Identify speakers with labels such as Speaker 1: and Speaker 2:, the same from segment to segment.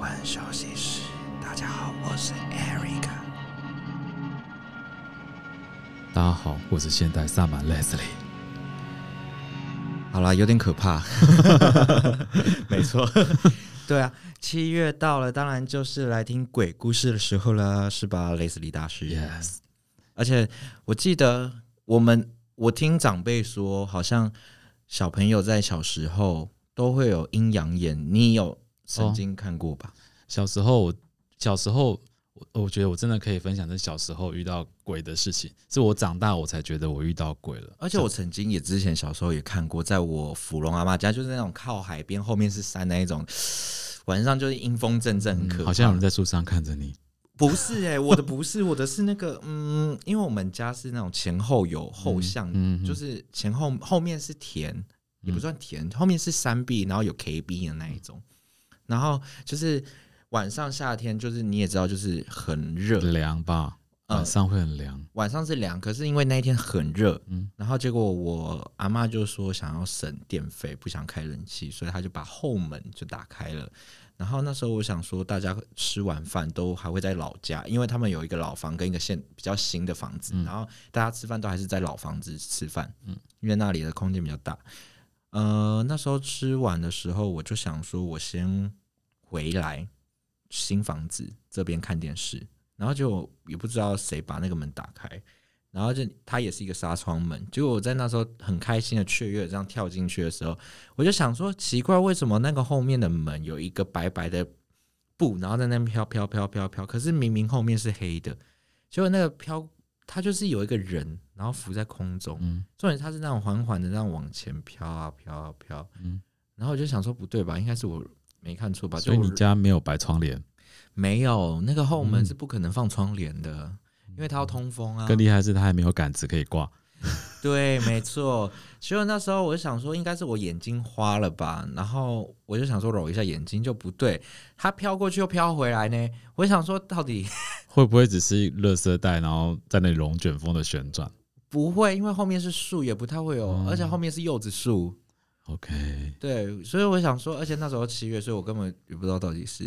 Speaker 1: 靈魂休
Speaker 2: 息室，大家好，我是 Erica。大家好，我是現代薩滿
Speaker 1: Leslie。好啦，有點可怕。 沒錯錯， 對啊，七月到了，當然就是來聽鬼故事的時候啦，是吧 Leslie 大師？Yes。而且我記得我們，我聽長輩說，好像小朋友在小時候都會有陰陽眼，你有？曾經看過吧，哦、小時候我，小時候我，我覺
Speaker 2: 得我真的可以分享。這小時候遇到鬼的事情，是我長大我才覺得我遇到鬼了。
Speaker 1: 而且我曾經也之前小時候也看過，在我芙蓉阿媽家，就是那種靠海邊，後面是山那一種。晚上就是陰風陣陣，很可怕，嗯、好像有人
Speaker 2: 在樹上看着你。
Speaker 1: 不是誒、欸，我的不是 我的是那個嗯，因為我們家是那種前後有後巷，嗯嗯、就是前後後面是田，也不算田，嗯、後面是山壁，然後有 K B 的那一種。然後就是晚上夏天，就是你也知道，就是很熱，涼吧？晚上會很涼，呃。晚上是涼，可是因為那一天很熱，嗯。然後結果我阿嬤就說想要省電費，不想開冷氣，所以她就把後門就打開了。然後那時候我想說，大家吃完飯都還會在老家，因為他們有一個老房跟一個現比較新的房子，嗯，然後大家吃飯都還是在老房子吃飯，嗯，因為那裡的空間比較大。呃，那時候吃完的時候，我就想說，我先。回來，新房子這邊看電視，然後就也不知道誰把那個門打開，然後就它也是一個紗窗門。結果我在那時候很開心的雀躍，這樣跳進去的時候，我就想說奇怪，為什麼那個後面的門有一個白白的布，然後在那邊飄飄飄飄飄，可是明明後面是黑的。結果那個飄，它就是有一個人，然後浮在空中，嗯，重點它是，是那種緩緩的那種往前飄啊飄啊飄，嗯，然後我就想說不對吧，應該是我沒看錯吧就？所以你家
Speaker 2: 沒有白窗簾？嗯？沒有，那個後
Speaker 1: 門是不可能
Speaker 2: 放窗簾的，
Speaker 1: 嗯，因為它要通風啊。更厲
Speaker 2: 害是，它還沒有杆子可以掛。
Speaker 1: 對，沒錯。所以那時候我就想說，應該是我眼睛花了吧？然後我就想說，揉一下眼睛就不對。它飄過去又飄回來呢。我想說，到底
Speaker 2: 會不會只是垃圾袋，然後在那龍捲風的旋轉？
Speaker 1: 不會，因為後面是樹，也不太會有，嗯，而且後面是柚子樹。OK，對，所以我想說，而且那時候七月，所以我根本也不知道到底是……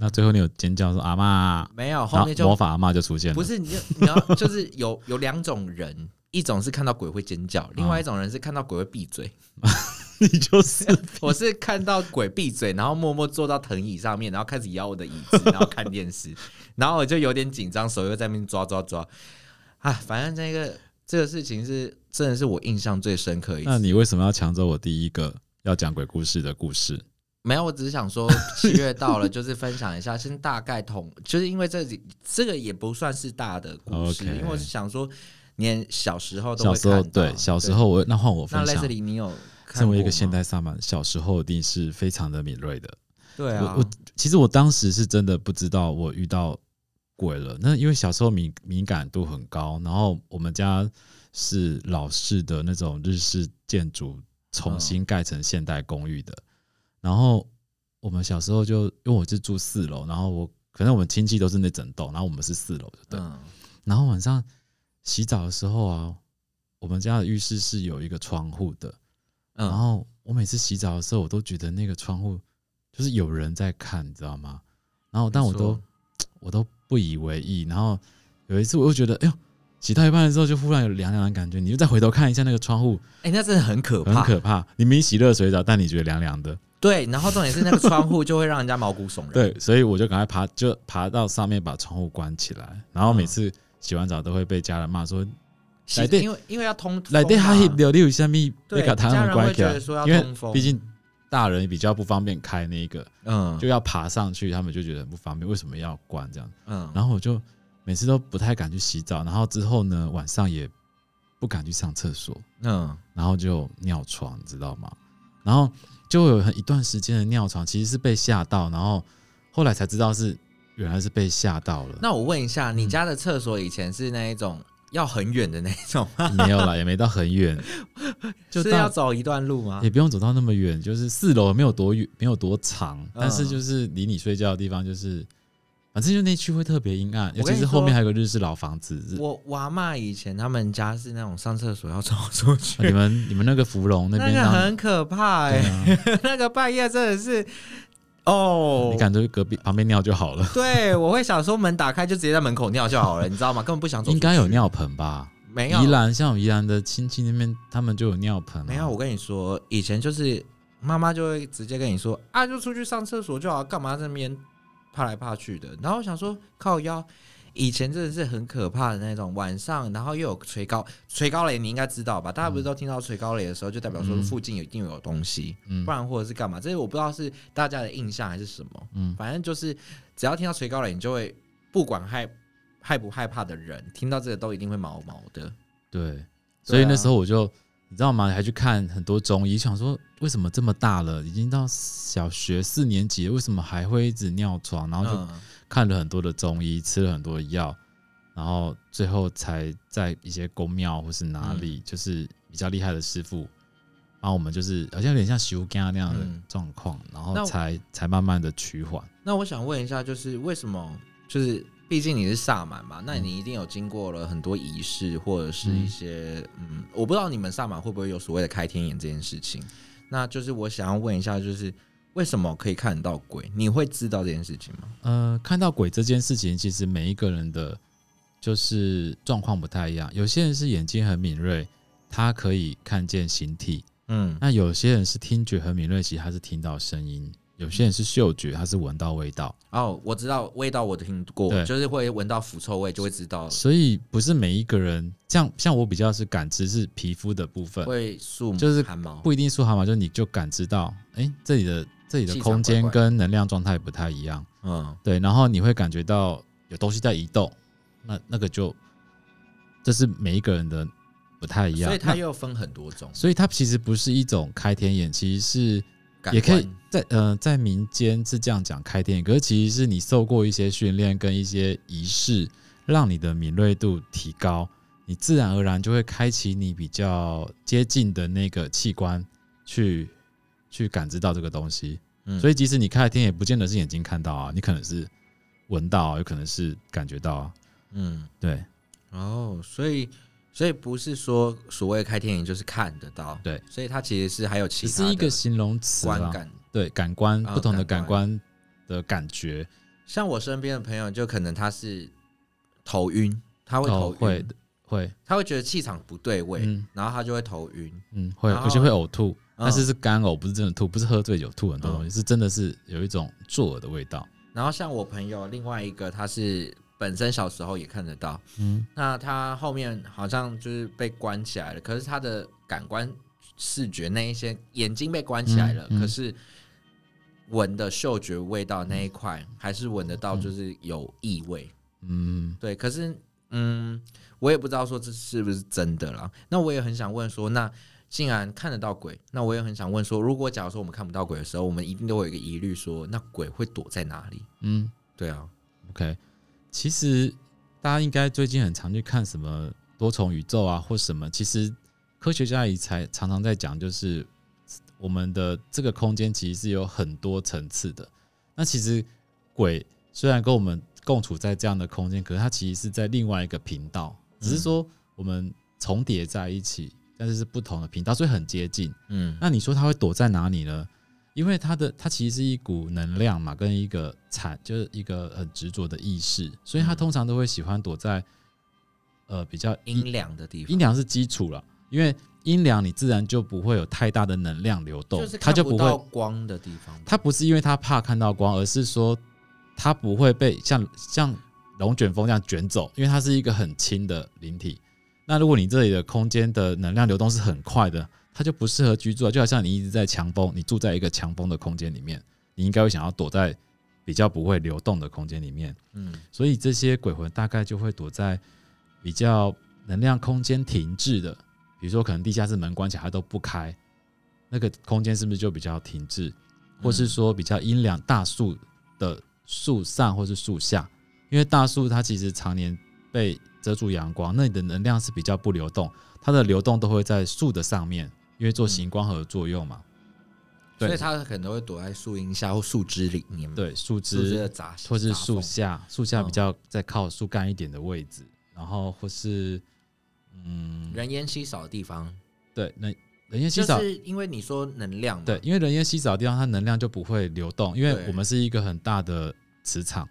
Speaker 2: 那最後你有尖叫說阿嬤？沒有，後面就魔法阿嬤就出現了。不是，你就
Speaker 1: 你要 就是有有兩種人，一種是看到鬼會尖叫，啊、另外一種人是看到鬼會閉嘴。 你就是， 我是看到鬼閉嘴，然後默默坐到藤椅上面，然後開始搖我的椅子，然後看電視， 然後我就有點緊張，手又在那邊抓抓抓。啊，反正這、那個這個事情是。真的是我印象最深刻一次。那你
Speaker 2: 為什麼要搶走我第一個要講鬼故事的故事？
Speaker 1: 沒有，我只是想說七月到了， 就是分享一下，先大概同，就是因為這裡這個也不算是大的故事，okay. 因為我是想說連，年小時候都會，小時候對，小時候我那換我分享。在這裡，你有看身為一個
Speaker 2: 現代薩滿，小時候一定是非常的敏銳的。對啊，我，我其實我當時是真的不知道我遇到鬼了。那因為小時候敏敏感度很高，然後我們家。是老式的那種日式建築，重新蓋成現代公寓的。然後我們小時候就，因為我是住四樓，然後我可能我們親戚都是那整棟，然後我們是四樓的。然後晚上洗澡的時候啊，我們家的浴室是有一個窗戶的。嗯。然後我每次洗澡的時候，我都覺得那個窗戶就是有人在看，你知道嗎？然後，但我都我都不以為意。然後有一次，我又覺得，哎呦。洗到一半的時候，就忽然有涼涼的感覺。你就再回頭看一
Speaker 1: 下那個窗戶，哎、欸，那真的很可怕，很可怕。
Speaker 2: 你沒洗熱水澡，但你覺得涼涼的。
Speaker 1: 對，然後重點是那個窗戶就會讓人家毛骨悚然。 對，
Speaker 2: 所以我就趕快爬，就爬到上面把窗戶關起來。然後每次洗完澡都會被家人罵說：“來、嗯，因為因為要通風吧。”電哈伊留留下面被卡，他們很乖。」來說要通風，畢竟大人比較不方便開那個，嗯，就要爬上去，他們就覺得很不方便，為什麼要關這樣？嗯，然後我就。每次都不太敢去洗澡，然後之後呢，晚上也不敢去上廁所，嗯，然後就尿床，你知道嗎？然後就有很一段時間的尿床，其實是被嚇到，然後後來才知道是原來是被嚇到了。那
Speaker 1: 我問一下，你家的廁所以前是那一種要很遠的那種嗎、嗯？沒有啦，
Speaker 2: 也沒到很遠，
Speaker 1: 就 是要走一段路嗎？也
Speaker 2: 不用走到那麼遠，就是四樓沒有多遠，沒有多長，嗯、但是就是離你睡覺的地方就是。反正就那區會特別陰暗，尤其是後面還有個日式老房子。
Speaker 1: 我我媽以前他們家是那種上廁所要走
Speaker 2: 出去。啊、你們你們那個芙蓉那邊很
Speaker 1: 可怕哎，啊、 那個半夜真的是哦，oh, 你趕
Speaker 2: 着隔壁旁邊尿就好了。
Speaker 1: 對，我會想說門打開就直接在門口尿就好了， 你知道嗎？根本不想走出去。應該有尿盆吧？沒有。宜
Speaker 2: 蘭像宜蘭的親戚那邊，他們
Speaker 1: 就有尿盆、啊。沒有，我跟你說，以前就是媽媽就會直接跟你說啊，就出去上廁所就好，幹嘛在那邊？怕來怕去的，然後我想說靠腰，以前真的是很可怕的那種晚上，然後又有吹狗螺、吹狗螺，你應該知道吧？大家不是都聽到吹狗螺的時候，就代表說附近有、嗯、一定有東西，嗯，嗯，不然或者是幹嘛？這些我不知道是大家的印象還是什麼，嗯，反正就是只要聽到吹狗螺，你就會不管害害不害怕的人，聽到這個都一定會毛毛的。
Speaker 2: 對，對啊、所以那時候我就。你知道嗎？還去看很多中醫，想說為什麼這麼大了，已經到小學四年級，為什麼還會一直尿床？然後就看了很多的中醫，吃了很多藥，然後最後才在一些宮廟或是哪裡，就是比較厲害的師傅，嗯、然後我們就是好像有點像洗物乾那樣的狀況，嗯、然後才
Speaker 1: 才慢慢的取緩。那我想問一下，就是為什麼就是？畢竟你是薩滿嘛，那你一定有經過了很多儀式，或者是一些嗯、嗯，我不知道你們薩滿會不會有所謂的開天眼這件事情。那就是我想要問一下，就是為什麼可以看到鬼？你會知道這件事情嗎？
Speaker 2: 呃，看到鬼這件事情，其實每一個人的，就是狀況不太一樣。有些人是眼睛很敏銳，他可以看見形體，嗯，那有些人是聽覺很敏銳，其實他是聽到聲音。有些人是嗅覺，他是聞到味道
Speaker 1: 哦。我知道味道，我聽過，對，就是會聞到腐臭味，就會知道了。
Speaker 2: 所以不是每一個人，像像我比較是感知是皮膚的部分，會
Speaker 1: 就是不
Speaker 2: 一定豎汗毛，毛，就是你就感知到，哎、欸，這裡的這裡的空間跟能量狀態不太一樣乖乖。嗯，對，然後你會感覺到有東西在移動，那那個就這、就是每一個人的不太一樣，所以它又分很多種，所以它其實不是一種開天眼，其實是也可以，在呃，在民間是這樣講開天眼。可是其實是你受過一些訓練跟一些儀式，讓你的敏銳度提高，你自然而然就會開啟你比較接近的那個器官去去感知到這個東西。嗯，所以即使你開天眼也不見得是眼睛看到啊，你可能是聞到啊，有可能是感覺
Speaker 1: 到啊。嗯，對。哦，oh，所以。所以不是說所謂開天眼就是看得到，對。所以它其實是還有其他一個形
Speaker 2: 容詞，觀感對感官，感官不同的感官
Speaker 1: 的感覺。像我身邊的朋友，就可能他是頭暈，他會頭暈、哦，會他會覺得氣場不對味、嗯，然後他就會頭暈、嗯，嗯，會有些會嘔吐，但是
Speaker 2: 是乾嘔，不是真的吐，不是喝醉酒吐很多東西，是真的是有一種作嘔的味道。
Speaker 1: 然後像我朋友另外一個，他是。本身小時候也看得到，嗯，那他後面好像就是被關起來了，可是他的感官視覺那一些眼睛被關起來了，嗯嗯、可是聞的嗅覺味道那一塊、嗯、還是聞得到，就是有異味，嗯，對。可是，嗯，我也不知道說這是不是真的啦。那我也很想問說，那既然看得到鬼，那我也很想問說，如果假如說我們看不到鬼的時候，我們一定都有一個疑慮，說那鬼會躲在哪裡？嗯，對啊
Speaker 2: ，OK。其實，大家應該最近很常去看什麼多重宇宙啊，或什麼。其實科學家也才常常在講，就是我們的這個空間其實是有很多層次的。那其實鬼雖然跟我們共處在這樣的空間，可是它其實是在另外一個頻道，只是說我們重疊在一起，但是是不同的頻道，所以很接近。嗯，那你說它會躲在哪裡呢？因為它的它其實是一股能量嘛，跟一個產就是一個很執着的意識，所以它通常都會喜歡躲在、嗯、呃比較陰涼的地方。陰涼是基礎了，因為陰涼你自然就不會有太大的能量流動，就是、它就不會
Speaker 1: 光的地方。它
Speaker 2: 不是因為它怕看到光，而是說它不會被像像龍捲風這樣捲走，因為它是一個很輕的靈體。那如果你這裡的空間的能量流動是很快的，它就不適合居住，就好像你一直在強風，你住在一個強風的空間裡面，你應該會想要躲在比較不會流動的空間裡面。嗯，所以這些鬼魂大概就會躲在比較能量空間停滯的，比如說可能地下室門關起來還都不開，那個空間是不是就比較停滯？或是說比較陰涼，大樹的樹上或是樹下，因為大樹它其實常年被遮住陽光，那你的能量是比較不流動，它的流動都會在樹的上面。因為做行光合作用嘛、嗯，
Speaker 1: 所以它可能會躲在樹蔭
Speaker 2: 下或樹枝裡面、嗯。對，樹枝，枝或者是樹下，樹下比較在靠樹幹一點的位置，嗯、然後或是嗯，
Speaker 1: 人煙稀少的地方。
Speaker 2: 對，那人煙稀少，就是
Speaker 1: 因為你說能量嘛。
Speaker 2: 對，因為人煙稀少的地方，它能量就不會流動。因為我們是一個很大的磁場，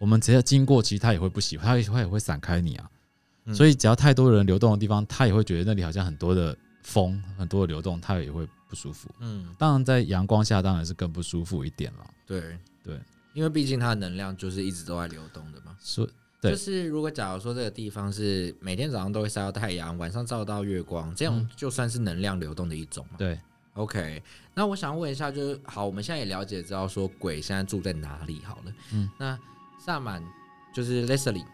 Speaker 2: 我們只要經過，其實它也會不喜歡，它也會散開你啊、嗯。所以只要太多人流動的地方，它也會覺得那裡好像很多的。風很多的流動，它也會不舒服。嗯，當然在陽光下當然是更不舒服一點了。
Speaker 1: 對對，因為畢竟它的能量就是一直都在流動的嘛。
Speaker 2: 是，就是
Speaker 1: 如果假如說這個地方是每天早上都會曬到太陽，晚上照到月光，這樣就算是能量流動的一種嘛。對，嗯，OK。那我想問一下，就是好，我們現在也了解知道說鬼現在住在哪裡好了。嗯，那薩滿就是 Leslie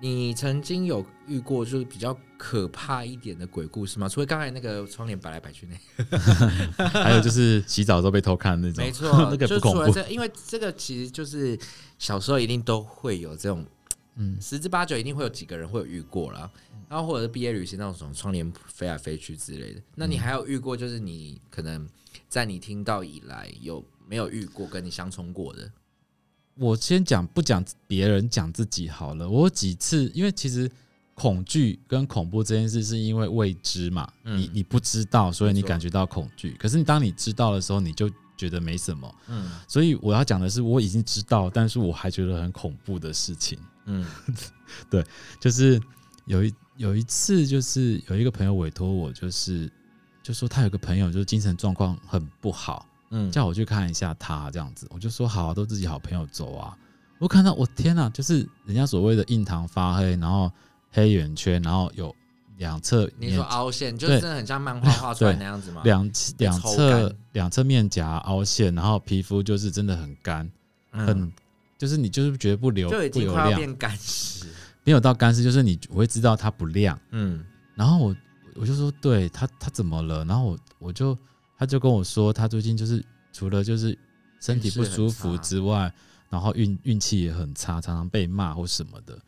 Speaker 1: 你曾經有遇過就是比較可怕一點的鬼故事嗎？除了剛才那個窗簾擺來擺去那， 還有就是
Speaker 2: 洗澡的時候被偷看的那種沒。沒錯，那個不恐怖，就除了這個，
Speaker 1: 因為這個其實就是小時候一定都會有這種，嗯，十之八九一定會有幾個人會有遇過啦。然後或者是畢業旅行那種，窗簾飛來飛去之類的。那你還有遇過就是你可能在你聽到以來有沒有遇過跟你相沖過的？
Speaker 2: 我先講，不講別人，講自己好了。我幾次，因為其實恐懼跟恐怖這件事，是因為未知嘛，嗯、你你不知道，所以你感覺到恐懼。可是你當你知道的時候，你就覺得沒什麼。嗯，所以我要講的是，我已經知道，但是我還覺得很恐怖的事情。嗯， 對，就是有一有一次，就是有一個朋友委托我，就是就說他有個朋友，就是精神狀況很不好。嗯，叫我去看一下他這樣子，我就說好、啊，都自己好朋友走啊。我看到我天哪、啊，就是人家所謂的印堂發黑，然後黑眼圈，然後有兩側，你說凹陷，就是真的很像漫畫畫出來那樣子嗎？兩兩側兩側面頰凹陷，然後皮膚就是真的很乾，很、嗯、就是你就是覺得不流就已經快要變乾濕，沒有到乾濕，就是你我會知道它不亮，嗯，然後我我就說對它它怎麼了？然後我我就。他就跟我說，他最近就是除了就是身體不舒服之外，然後運運氣也很差，常常被罵或什麼的。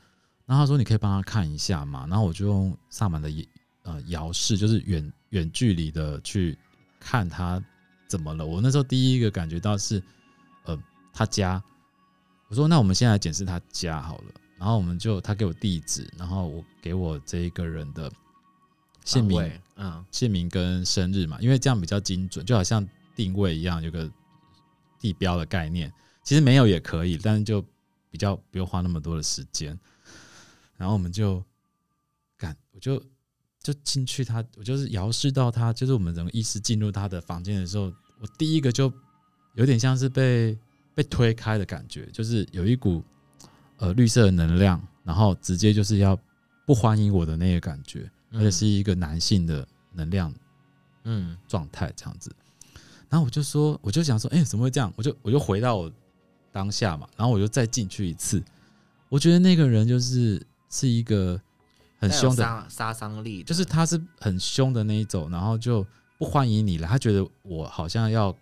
Speaker 2: 然後他說，你可以幫他看一下嘛。然後我就用薩滿的呃遙視，就是遠遠距離的去看他怎麼了。我那時候第一個感覺到是呃他家。我說那我們現在來檢視他家好了。然後我們就他給我地址，然後我給我這一個人的
Speaker 1: 姓名，嗯，
Speaker 2: 姓名跟生日嘛，因為這樣比較精準，就好像定位一樣，有個地標的概念。其實沒有也可以，但是就比較不用花那麼多的時間。然後我們就幹，我就就進去他，我就是遙視到他，就是我們從意識進入他的房間的時候，我第一個就有點像是被被推開的感覺，就是有一股呃綠色的能量，然後直接就是要不歡迎我的那個感覺。而且是一個男性的能量，嗯，狀態這樣子。然後我就說，我就想說，哎、欸，怎麼會這樣？我就我就回到我當下嘛。然後我就再進去一次。我覺得那個人就是是一個很凶的殺傷力，就是他是很凶的那一種。然後就不歡迎你了。他覺得我好像要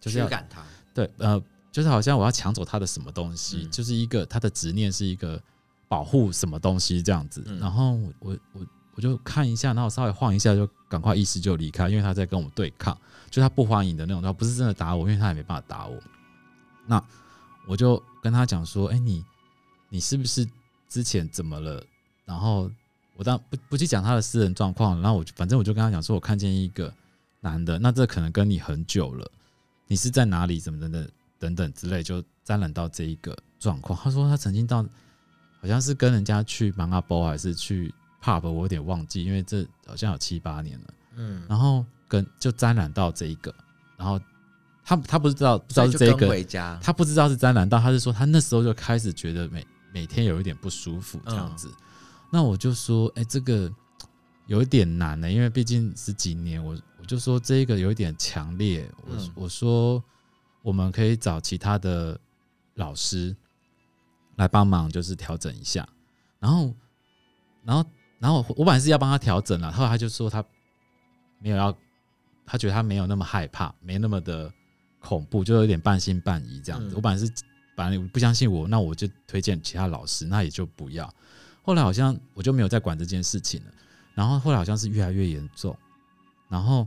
Speaker 2: 就是要趕他，對，呃，就是好像我要搶走他的什麼東西。就是一個他的執念是一個保護什麼東西這樣子。然後我我我。我我就看一下，然後稍微晃一下，就趕快意識就離開，因為他在跟我對抗，就他不歡迎的那種。他不是真的打我，因為他也沒辦法打我。那我就跟他講說：“哎、欸，你你是不是之前怎麼了？”然後我當不不去講他的私人狀況，然後我反正我就跟他講說：“我看見一個男的，那這可能跟你很久了，你是在哪裡？怎麼怎麼等，等等之類，就沾染到這一個狀況。”他說他曾經到好像是跟人家去馬阿包還是去。p u 我有點忘記，因為這好像有七八年了。嗯，然後跟就沾染到這一個，然後他他不知道不知道是這個，他不知道是沾染到，他是說他那時候就開始覺得每每天有一點不舒服這樣子、嗯。那我就說，哎、欸，這個有一點難呢、欸，因為畢竟是幾年，我我就說這一個有點強烈。我、嗯、我說我們可以找其他的老師來幫忙，就是調整一下。然後，然後。然後我本來是要幫他調整了，後來他就說他沒有要，他覺得他沒有那麼害怕，沒那麼的恐怖，就有點半信半疑這樣子。嗯。我本來是本來不相信我，那我就推薦其他老師，那也就不要。後來好像我就沒有再管這件事情了。然後後來好像是越來越嚴重，然後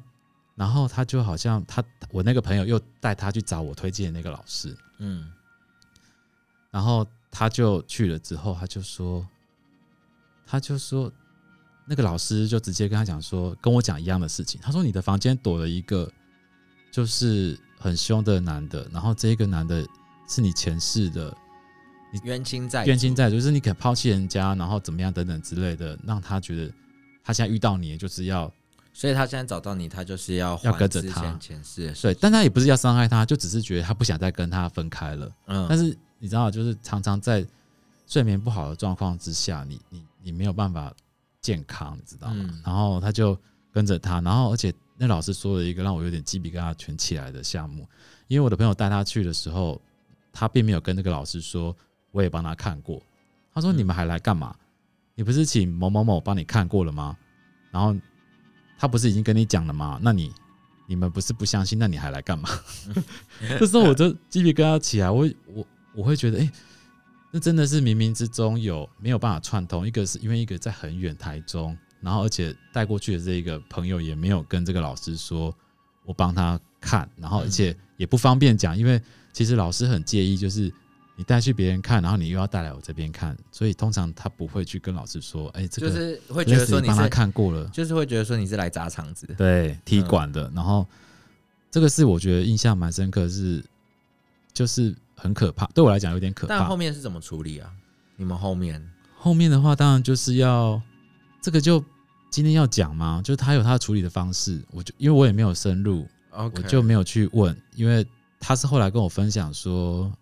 Speaker 2: 然後他就好像他我那個朋友又帶他去找我推薦那個老師，嗯，然後他就去了之後，他就說，他就說。那個老師就直接跟他講說：“跟我講一樣的事情。”他說：“你的房間躲了一個，就是很凶的男的。然後這個男的是你前世的
Speaker 1: 你冤親債主，冤親
Speaker 2: 債主，就是你肯拋棄人家，然後怎麼樣等等之類的，讓他覺得他現在遇到你就是要，所以他
Speaker 1: 現在找到你，他就是要要跟着他前，前世。對，
Speaker 2: 但他也不是要傷害他，就只是覺得他不想再跟他分開了。嗯，但是你知道，就是常常在睡眠不好的狀況之下，你你你沒有辦法。”健康，你知道嗎？嗯、然後他就跟着他，然後而且那老師說了一個讓我有點雞皮疙瘩全起來的項目，因為我的朋友帶他去的時候，他並沒有跟那個老師說，我也幫他看過。他說：“你們還來幹嘛？嗯、你不是請某某某幫你看過了嗎？然後他不是已經跟你講了嗎？那你你們不是不相信，那你還來幹嘛？”
Speaker 1: 這 時候我
Speaker 2: 就雞皮疙瘩起來，我會我我會覺得，哎、欸。那真的是冥冥之中有沒有辦法串通，一個是因為一個在很遠台中，然後而且帶過去的這個朋友也沒有跟這個老師說，我幫他看，然後而且也不方便講，因為其實老師很介意，就是你帶去別人看，然後你又要帶來我這邊看，所以通常他不會去跟老師說，哎、欸，這個、就是會覺得說你幫他看過了，
Speaker 1: 就是會覺得說你是來砸場子的，對，踢館
Speaker 2: 的，嗯。然後這個是我覺得印象蠻深刻的，是就是。很可怕，對我來講有點可怕。但後
Speaker 1: 面是怎麼處理啊？你們後面
Speaker 2: 後面的話，當然就是要這個就今天要講嗎？就他有他處理的方式，我就因為我也沒有深入，okay. 我就沒有去問，因為他是後來跟我分享說，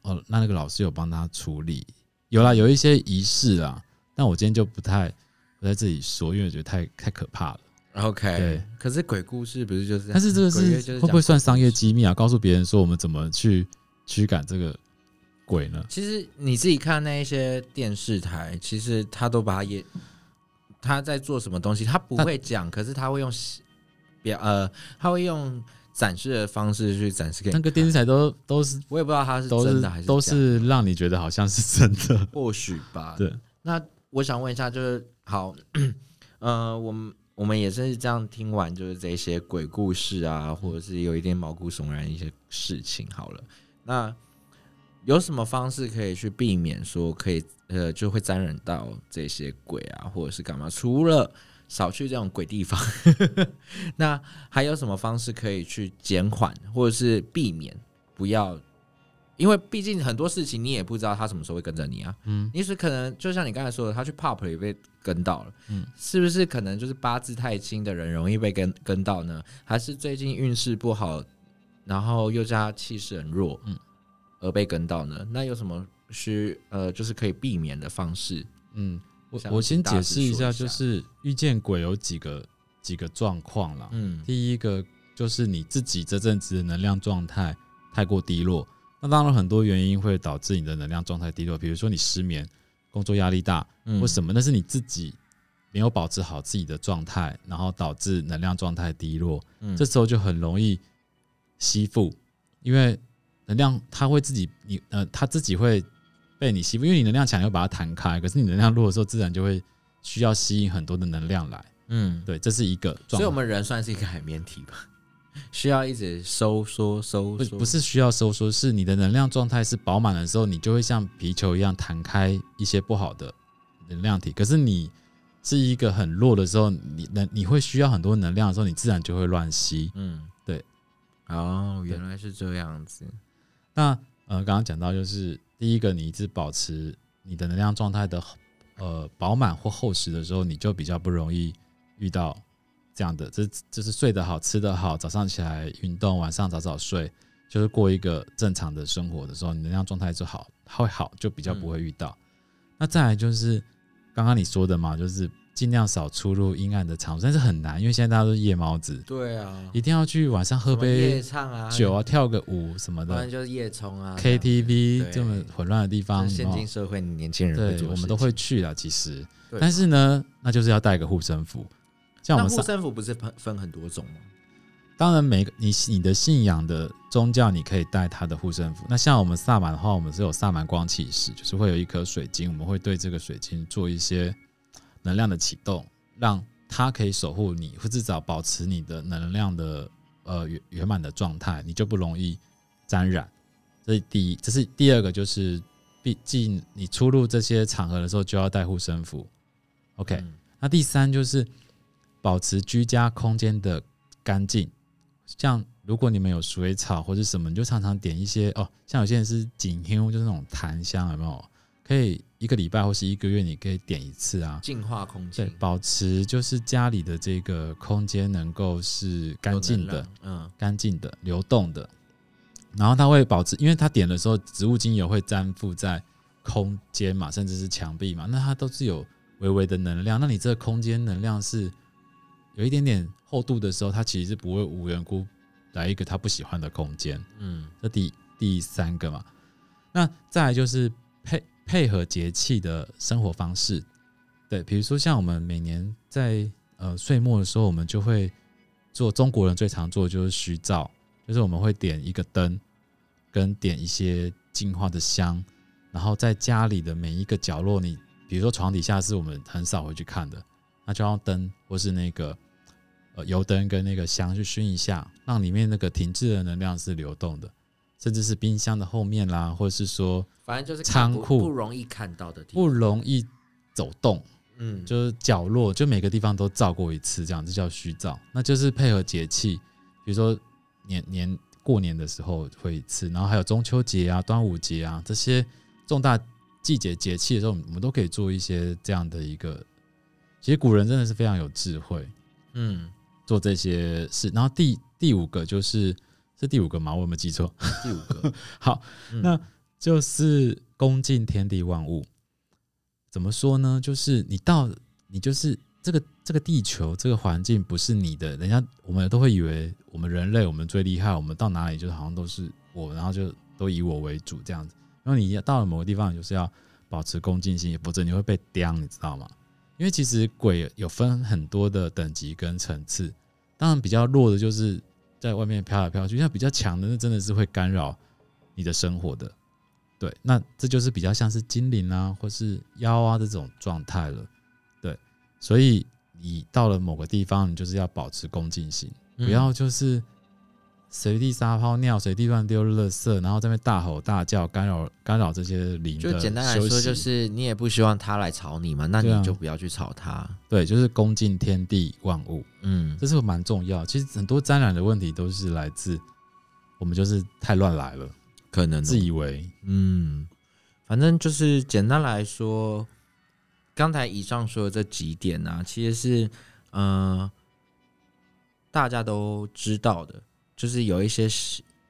Speaker 2: 哦，那那個老師有幫他處理，有啦，有一些儀式啦，但我今天就不太不在這裡說，因為我覺得太太可怕了。
Speaker 1: OK，對。可是鬼故事不是就是這樣？但是這個是會不會
Speaker 2: 算商業機密啊？告訴別人說我們怎麼去驅趕這個？鬼呢？
Speaker 1: 其實你自己看那一些電視台，其實他都把他也他在做什麼東西，他不會講，可是他會用表，呃，他會用展示的方式去展示給那個電視台都都是，我也不知道他是真的還是假的，都是
Speaker 2: 讓你覺得好像是真的，
Speaker 1: 或許吧。對，那我想問一下，就是好，呃，我們我們也是這樣聽完，就是這些鬼故事啊，或者是有一點毛骨悚然一些事情，好了，那。有什麼方式可以去避免說可以呃就會沾染到這些鬼啊或者是幹嘛？除了少去這種鬼地方， 那還有什麼方式可以去減緩或者是避免？不要，因為畢竟很多事情你也不知道他什麼時候會跟着你啊。嗯，你是可能就像你剛才說的，他去 pop 也被跟到了，嗯，是不是可能就是八字太輕的人容易被跟跟到呢？還是最近運勢不好，然後又加氣勢很弱，嗯。而被跟到呢？那有什麼是呃，就是可以避免的方式？嗯，
Speaker 2: 我我先解釋一下，就是遇見鬼有幾個幾個狀況啦。嗯，第一個就是你自己這陣子的能量狀態太過低落。那當然很多原因會導致你的能量狀態低落，比如說你失眠、工作壓力大或什麼。嗯，那是你自己沒有保持好自己的狀態，然後導致能量狀態低落。嗯，這時候就很容易吸附，因為。能量它會自己你呃，它自己會被你吸，因為你能量強就把它彈開，可是你能量弱的時候，自然就會需要吸引很多的能量來。嗯，對，這是一個。所以，我
Speaker 1: 們人算是一個海綿體吧？需要一直收縮收縮？不是需
Speaker 2: 要收縮，是你的能量狀態是飽滿的時候，你就會像皮球一樣彈開一些不好的能量體。可是你是一個很弱的時候，你能你會需要很多能量的時候，你自然就會亂吸。嗯，對。哦，原
Speaker 1: 來是這樣子。
Speaker 2: 那呃，剛剛講到就是第一個，你一直保持你的能量狀態的呃飽滿或厚實的時候，你就比較不容易遇到這樣的。這、就是、就是睡得好、吃得好，早上起來運動，晚上早早睡，就是過一個正常的生活的時候，你能量狀態就好，會好，就比較不會遇到。嗯、那再來就是剛剛你說的嘛，就是。盡量少出入陰暗的場所，但是很難，因為現在大家都夜貓子。對啊，一定要去晚上喝杯，啊、夜唱啊，酒啊，跳個舞什
Speaker 1: 麼的。反正就是夜衝啊這，KTV 這麼混
Speaker 2: 亂的地方。先、就、今、是、社會年輕，年輕人對，我們都會去了，其實對。但是呢，那就是要帶個護身符。像我們護
Speaker 1: 身符不是分分很多種嗎？
Speaker 2: 當然每，每個你你的信仰的宗教，你可以帶他的護身符。那像我們薩滿的話，我們是有薩滿光氣石，就是會有一顆水晶，我們會對這個水晶做一些。能量的啟動，讓它可以守護你，或至少保持你的能量的呃圓圓滿的狀態，你就不容易沾染。這是第一，這是第二個，就是畢竟你出入這些場合的時候就要帶護身符。OK，嗯，那第三就是保持居家空間的乾淨，像如果你們有水草或者什麼，你就常常點一些哦，像有些人是景天就是那種檀香，有沒有？可以一個禮拜或是一個月，你可以點一次啊，淨化空間，對，保持就是家裡的這個空間能夠是乾淨的，嗯，乾淨的、流動的。然後它會保持，因為它點的時候，植物精油會粘附在空間嘛，甚至是牆壁嘛，那它都是有微微的能量。那你這個空間能量是有一點點厚度的時候，它其實是不會無緣無故來一個他不喜歡的空間。嗯，這第第三個嘛，那再來就是配。配合節氣的生活方式，對，比如說像我們每年在呃歲末的時候，我們就會做中國人最常做的就是虛照，就是我們會點一個燈，跟點一些淨化的香，然後在家裡的每一個角落，你比如說床底下是我們很少會去看的，那就要燈或是那個呃油燈跟那個香去燻一下，讓裡面那個停滯的能量是流動的。甚至是冰箱的後面啦，或者是說，反正就是倉庫不，不
Speaker 1: 容易看到的地
Speaker 2: 方，不容易走動，嗯，就是角落，就每個地方都照過一次，這樣這叫虛照。那就是配合節氣，比如說年年過年的時候會一次，然後還有中秋節啊、端午節啊這些重大季節節氣的時候，我們都可以做一些這樣的一個。其實古人真的是非常有智慧，嗯，做這些事。然後第第五個就是。這第五個嗎？我有沒有記錯？第五個 好，嗯、那就是恭敬天地萬物。怎麼說呢？就是你到你就是這個這個地球這個環境不是你的，人家我們都會以為我們人類我們最厲害，我們到哪裡就好像都是我，然後就都以我為主這樣子。因為你到了某個地方，你就是要保持恭敬心，否則你會被叼，你知道嗎？因為其實鬼有分很多的等級跟層次，當然比較弱的就是。在外面飄來飄去，像比較強的，那真的是會干擾你的生活的，對，那這就是比較像是精靈啊，或是妖啊這種狀態了，對，所以你到了某個地方，你就是要保持恭敬心，不要就是。隨地撒泡尿，隨地亂丟垃圾，然後在那邊大吼大
Speaker 1: 叫，干擾干
Speaker 2: 擾這些靈。就簡單來說，就
Speaker 1: 是你也不希望他來吵你嘛，那你就、啊、不要去吵他。
Speaker 2: 對，就是恭敬天地萬物，嗯，這是蠻重要。其實很多沾染的問題都是來自我們，就是太亂來了，可能自以
Speaker 1: 為，嗯，反正就是簡單來說，剛才以上說的這幾點呢、啊，其實是嗯、呃、大家都知道的。就是有一些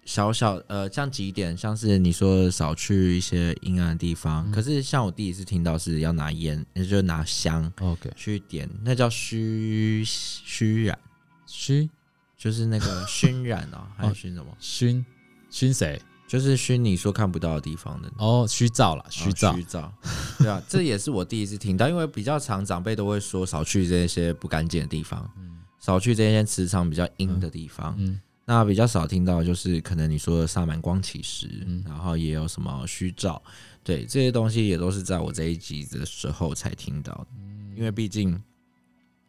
Speaker 1: 小小呃，像幾點，像是你說少去一些陰暗的地方。嗯、可是像我第一次聽到是要拿煙，也就拿香，OK，去點 okay. 那叫虛虛染，虛就是那個熏染啊，、哦， 還熏什麼？哦、熏熏誰？就是熏你說看不到的地方的哦，虛照了，虛照、哦，對啊，這也是我第一次聽到， 因為比較常長輩都會說少去這些不乾淨的地方、嗯，少去這些磁場比較陰的地方，嗯。嗯那比較少聽到，就是可能你說的薩滿光啟石，嗯，然後也有什麼虛照，對，這些東西也都是在我這一集的時候才聽到，嗯，因為畢竟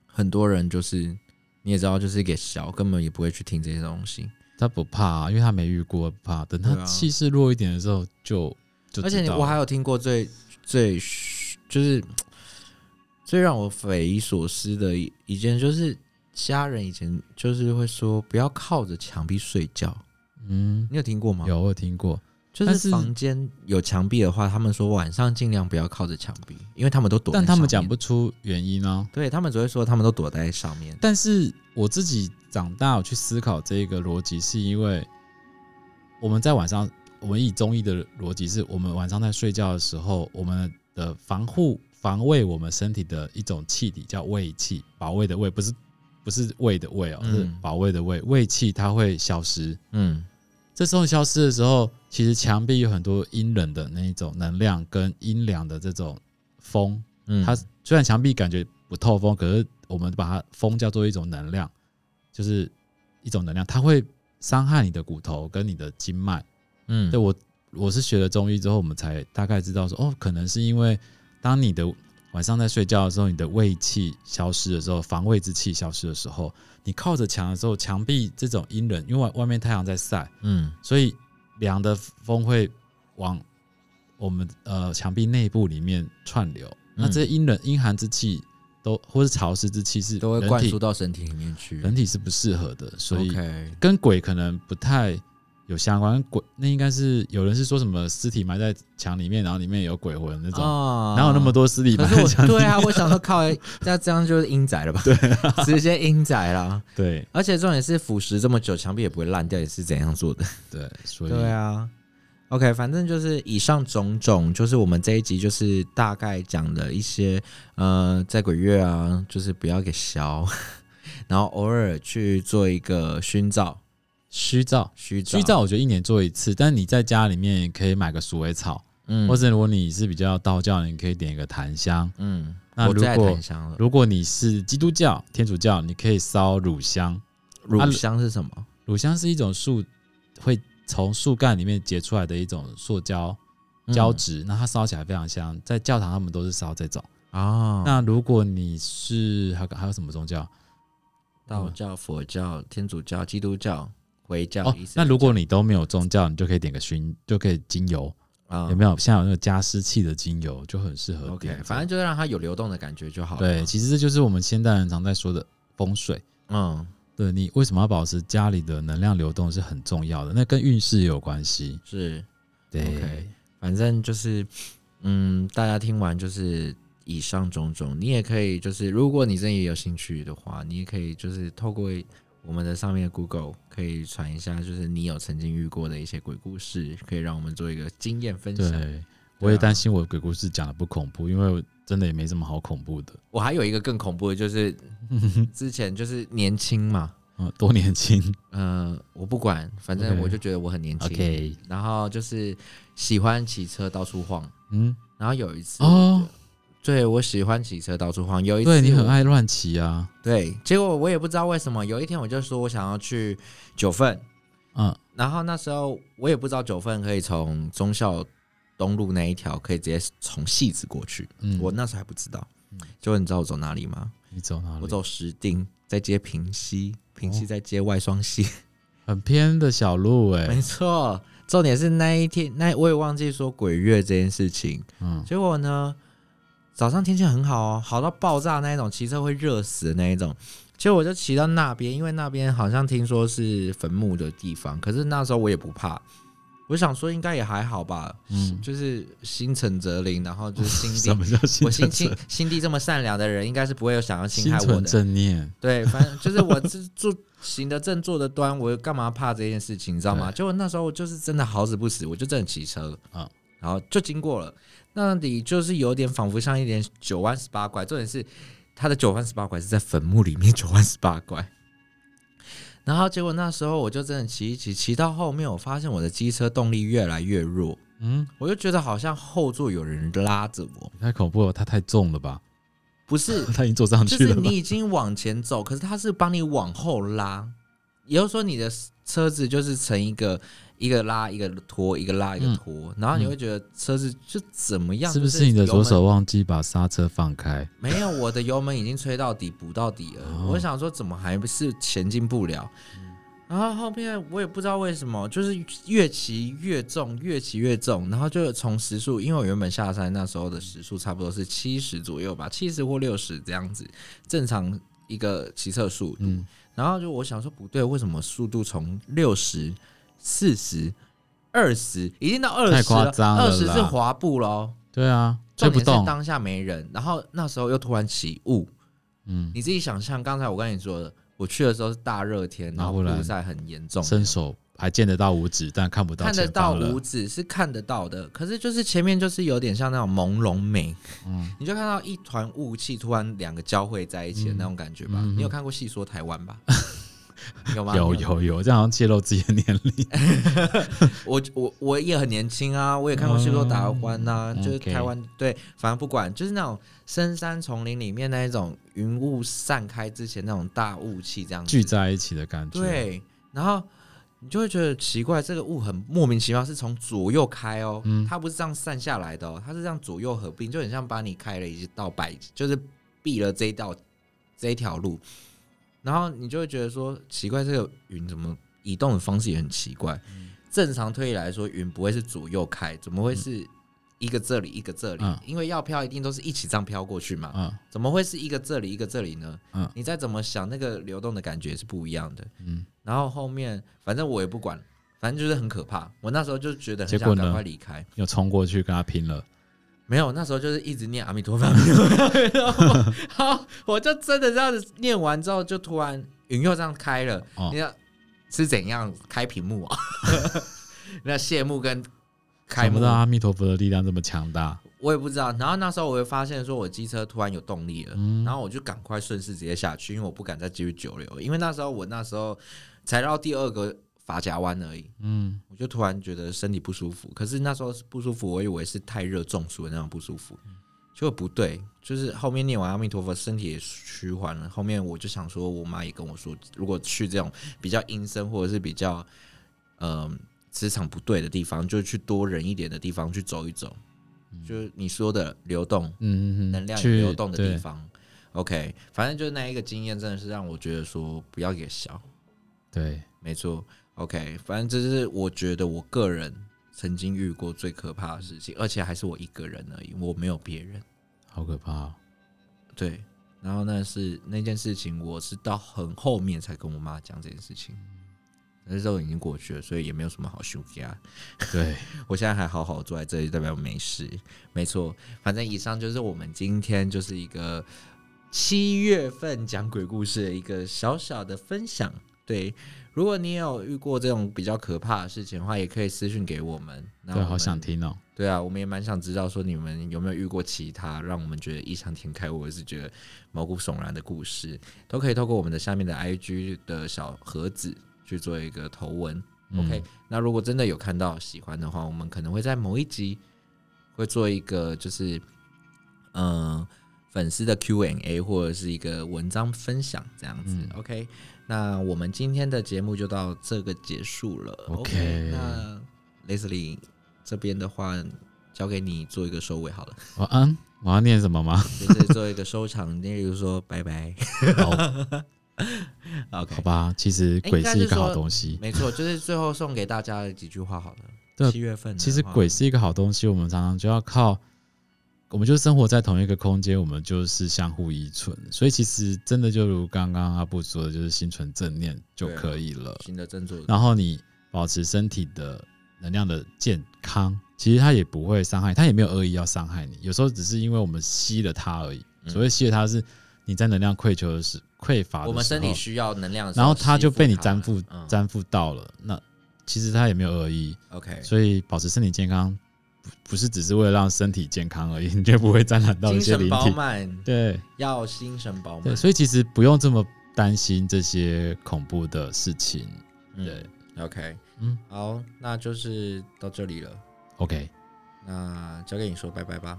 Speaker 1: 很多人就是你也知道，就是一個小，根本也不會去聽這些東西。他不怕，啊，因為他沒遇過，不怕。等他氣勢弱一點的時候就，啊，就就而且我還有聽過最最就是最讓我匪夷所思的一一件就是。家人以前就是會說不要靠着牆壁睡覺，嗯，你有聽過嗎？有，我聽過。就是房間有牆壁的話，他們說晚上盡量不要靠着牆壁，因為他們都躲在上面。但他們講不出原因哦。對，他們只會說他們都躲在上面。但是我自己長大
Speaker 2: 我去思考這個邏輯，是因為我們在晚上，我們以中醫的邏輯是我們晚上在睡覺的時候，我們的防護防衛我們身體的一種氣體叫衛氣，保衛的衛不是。不是胃的胃哦，嗯，是保衛的衛，衛氣它會消失。嗯，這時候消失的時候，其實牆壁有很多陰冷的那一種能量，跟陰涼的這種風。嗯，它雖然牆壁感覺不透風，可是我們把它風叫做一種能量，就是一種能量，它會傷害你的骨頭跟你的經脈。嗯，對我我是學了中醫之後，我們才大概知道說，哦，可能是因為當你的晚上在睡覺的時候，你的胃氣消失的時候，防衛之氣消失的時候，你靠着牆的時候，牆壁這種陰冷，因為外面太陽在曬，嗯，所以涼的風會往我們呃牆壁內部裡面串流，嗯、那這陰冷、陰寒之氣都或是潮濕之氣是都會灌輸到身體裡面去，人體是不適合的，所以跟鬼可能不太。有相關鬼，那應該是有人是說什麼屍體埋在牆裡面，然後裡面有鬼魂那種，哦、哪有那麼多屍體埋在牆裡面？可是我對啊，我想
Speaker 1: 說靠，那 這樣就是陰宅了吧？對、啊，直接陰宅啦。對，而且重點是腐蝕這麼久，牆壁也不會爛掉，也是怎樣做的？對，所以對啊。OK，反正就是以上種種，就是我們這一集就是大概講的一些呃，在鬼月啊，就是不要給削，然後偶爾去做一個熏照。虛照，虛照，虛燥，我覺得一年做一次。但你在家裡面可
Speaker 2: 以買個鼠尾草，
Speaker 1: 嗯，或者如
Speaker 2: 果你是比較道教，你可以點一個檀香，嗯，那如果如果你是基督教、天主教，你可以燒乳香。乳香是什麼？啊、乳香是一種樹，會從樹幹裡面結出來的一種塑膠膠質，那它燒起來非常香，在教堂他們都是燒這種啊、哦。那如果你是還還有什麼宗教？道
Speaker 1: 教、佛教、天主教、基督教、回教、哦、那
Speaker 2: 如果你都沒有宗教，你就可以點個薰，就可以精
Speaker 1: 油、嗯，
Speaker 2: 有沒有？像有那個加濕器的精油就很適合。OK，反
Speaker 1: 正就是讓它有流動的感覺就好了。對，其
Speaker 2: 實這就是我們現代人常在說的風水。嗯，對你為什麼要保持家裡的能量流動是很重要的，那跟運勢也有
Speaker 1: 關係。是，對，okay, 反正就是，嗯，大家聽完就是以上種種，你也可以就是，如果你真的也有興趣的話，你也可以就是透過。我們的上面的 Google 可以傳一下，就是你有曾經遇過的一些鬼故事，可以讓我們做一個經驗分享。啊、我也擔
Speaker 2: 心我的鬼故事講得不恐怖，因為我真的也沒什麼好恐怖
Speaker 1: 的。我還有一個更恐怖的，就是 之前就是年輕嘛，嗯，多年輕，嗯、呃，我不管，反正我就覺得我很年輕。OK，然後就是喜歡騎車到處晃，嗯，然後有一次哦。對，我喜歡騎車到處晃。有一次，對你很愛
Speaker 2: 亂騎啊。
Speaker 1: 對，結果我也不知道為什麼，有一天我就說我想要去九份，嗯，然後那時候我也不知道九份可以從忠孝東路那一條可以直接從汐止過去，嗯，我那時候還不知道。結果你知道我走哪裡嗎？你走哪裡？我走石碇，再接平溪，平溪再接外雙溪，哦，很偏的小路哎，欸。沒錯，重點是那一天，那我也忘記說鬼月這件事情。嗯，結果呢？早上天氣很好哦，啊，好到爆炸那一種，騎車會熱死的那一種。結果我就騎到那邊，因為那邊好像聽說是墳墓的地方。可是那時候我也不怕，我想說應該也還好吧。嗯，是就是心誠則靈，然後就是心地，什麼叫我心心心地這麼善良的人，應該是不會有想要侵害我的。心存正念，對，反正就是我就是住行得正，坐得端，我幹嘛怕這件事情，你知道嗎？結果那時候我就是真的好死不死，我就正騎車啊。然後就經過了，那裡就是有點仿佛像一點九彎十八拐。重點是，他的九彎十八拐是在墳墓裡面九彎十八拐。然後結果那時候我就真的騎一騎，騎到後面我發現我的機車動力越來越弱。嗯，我就覺得好像後座有人拉着我。
Speaker 2: 太恐怖了，他太重了吧？
Speaker 1: 不是，
Speaker 2: 他已經坐上去了。就是你
Speaker 1: 已經往前走，可是他是幫你往後拉，也就是說你的車子就是成一個。一個拉一個拖，一個拉一個拖，嗯、然後你會覺得車子就怎麼樣？嗯就是、是不是你的左手
Speaker 2: 忘記把剎車放開？
Speaker 1: 沒有，我的油門已經吹到底，補到底了。哦、我想說，怎麼還不是前進不了、嗯？然後後面我也不知道為什麼，就是越騎越重，越騎越重。然後就從時速，因為我原本下山那時候的時速差不多是七十左右吧，七十或六十這樣子，正常一個騎車速度，嗯，然後就我想說，不對，為什麼速度從六十？四十、二十，一定到二十，太誇張了。二十是滑步嘍？對啊，追不動，重點是當下沒人，然後那時候又突然起霧。嗯，你自己想象剛才我跟你說的，我去的時候是大熱天，然後霧在很嚴重，伸手還見得到五指，但看不到，看得到五指是看得到的，可是就是前面就是有點像那種朦朧美。嗯，你就看到一團霧氣突然兩個交匯在一起的那種感覺吧。嗯、你有看過《戲說台灣》吧？嗯 有嗎？有有有，
Speaker 2: 有，這樣好像洩露自己的年齡 。
Speaker 1: 我我我也很年輕啊，我也看過戲說台灣吶，就是台灣、okay. 對，反正不管，就是那種深山叢林裡面那一種雲霧散開之前那種大霧氣這樣聚在一起的感覺。對，然後你就會覺得奇怪，這個霧很莫名其妙，是從左右開哦、喔嗯，它不是這樣散下來的哦、喔，它是這樣左右合併，就很像把你開了一道白，就是閉了這一道這一條路。然後你就會覺得說奇怪，這個雲怎麼移動的方式也很奇怪。正常推理來說，雲不會是左右開，怎麼會是一個這裡一個這裡？因為要飄一定都是一起這樣飄過去嘛。怎麼會是一個這裡一個這裡呢？你再怎麼想，那個流動的感覺是不一樣的。嗯，然後後面反正我也不管，反正就是很可怕。我那時候就覺得，很想趕快離開，結
Speaker 2: 果呢，又衝過去跟他拼了。
Speaker 1: 沒有，那時候就是一直念阿彌陀佛， 然後我，好我就真的這樣子念完之後，就突然雲又這樣開了。哦、你要是怎樣開屏幕啊。那、哦、 謝幕跟開幕。怎麼阿
Speaker 2: 彌陀佛的力量這麼強大？
Speaker 1: 我也不知道。然後那時候我會發現，說我機車突然有動力了，嗯、然後我就趕快順勢直接下去，因為我不敢再繼續久留，因為那時候我那時候才到第二個。髮夾彎而已，
Speaker 2: 嗯，
Speaker 1: 我就突然覺得身體不舒服，可是那時候不舒服，我以為是太熱中暑的那種不舒服，就不對，就是後面念完阿彌陀佛，身體也虛幻了。後面我就想說，我媽也跟我說，如果去這種比較陰森或者是比較嗯、呃、磁場不對的地方，就去多人一點的地方去走一走，嗯、就是你說的流動，嗯嗯嗯，能量流動的地方。OK，反正就是那一個經驗真的是讓我覺得說不要給小，對，沒錯。OK，反正這是我覺得我個人曾經遇過最可怕的事情，而且還是我一個人而已，我沒有別人，好可怕哦。對，然後呢，是那件事情，我是到很後面才跟我媽講這件事情，那時候已經過去了，所以也沒有什麼好休假。對， 我現在還好好坐在這裡，代表沒事。沒錯，反正以上就是我們今天就是一個七月份講鬼故事的一個小小的分享。對。如果你也有遇過這種比較可怕的事情的話，也可以私信給我們，
Speaker 2: 那我們。對，好想聽
Speaker 1: 哦。對啊，我們也蠻想知道說你們有沒有遇過其他讓我們覺得異想天開或者是覺得毛骨悚然的故事，都可以透過我們的下面的 I G 的小盒子去做一個投文。嗯、OK，那如果真的有看到喜歡的話，我們可能會在某一集會做一個就是嗯、呃、粉絲的 Q&A 或者是一個文章分享這樣子。嗯、OK。那我們今天的節目就到這個結束了。OK，okay 那 Leslie 這邊的話，交給你做一個收尾好了。
Speaker 2: 晚安，我要念什麼嗎？就是做
Speaker 1: 一個收場， 例如說拜拜。好 OK，好吧，其實鬼、欸、是一個好東西，沒錯，就是最後送給大家的幾句話好了。對，七 月份，其實鬼
Speaker 2: 是一個好東西，我們常常就要靠。我們就生活在同一個空間，我們就是相互依存，所以其實真的就如剛剛阿布說的，就是心存正念就可以了。心的正念。然後你保持身體的能量的健康，其實它也不會傷害，它也沒有惡意要傷害你。有時候只是因為我們吸了它而已。所謂吸了它，是你在能量匱求的時匱乏。我們身體需要能量的時候。然後它就被你沾附沾附到了。那其實它也沒有惡意。OK。所以保持身體健康。不是只是為了讓身體健康而已，你就不會沾染到一些靈體，精神飽滿？對，
Speaker 1: 要心神飽滿。所
Speaker 2: 以其實不用這麼擔心這些恐怖的事
Speaker 1: 情。對，嗯，OK，嗯，好，那就是到這裡了。OK，那交給你說拜拜吧。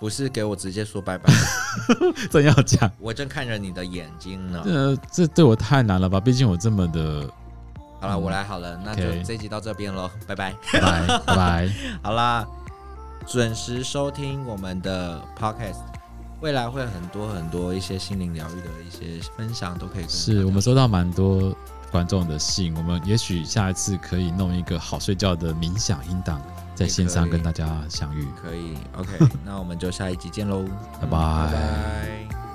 Speaker 1: 不是給我直接說拜拜，真 要講，我正看着你的眼睛呢。呃，
Speaker 2: 這對我太難了吧？畢竟我這麼的。好了，我來好了，那就這
Speaker 1: 一集到這邊嘍，嗯 okay，拜拜， 拜拜，好啦，準時收聽我們的 Podcast，未來會有很多很多一些心靈療癒的一些分享都可以。是
Speaker 2: 我們收到蠻多觀眾的信，我們也許下一次可以弄一個好睡覺的冥想音檔，在線上跟大家相遇。可以，可以
Speaker 1: ，OK， 那我們就下一集見嘍，嗯，拜拜。拜拜。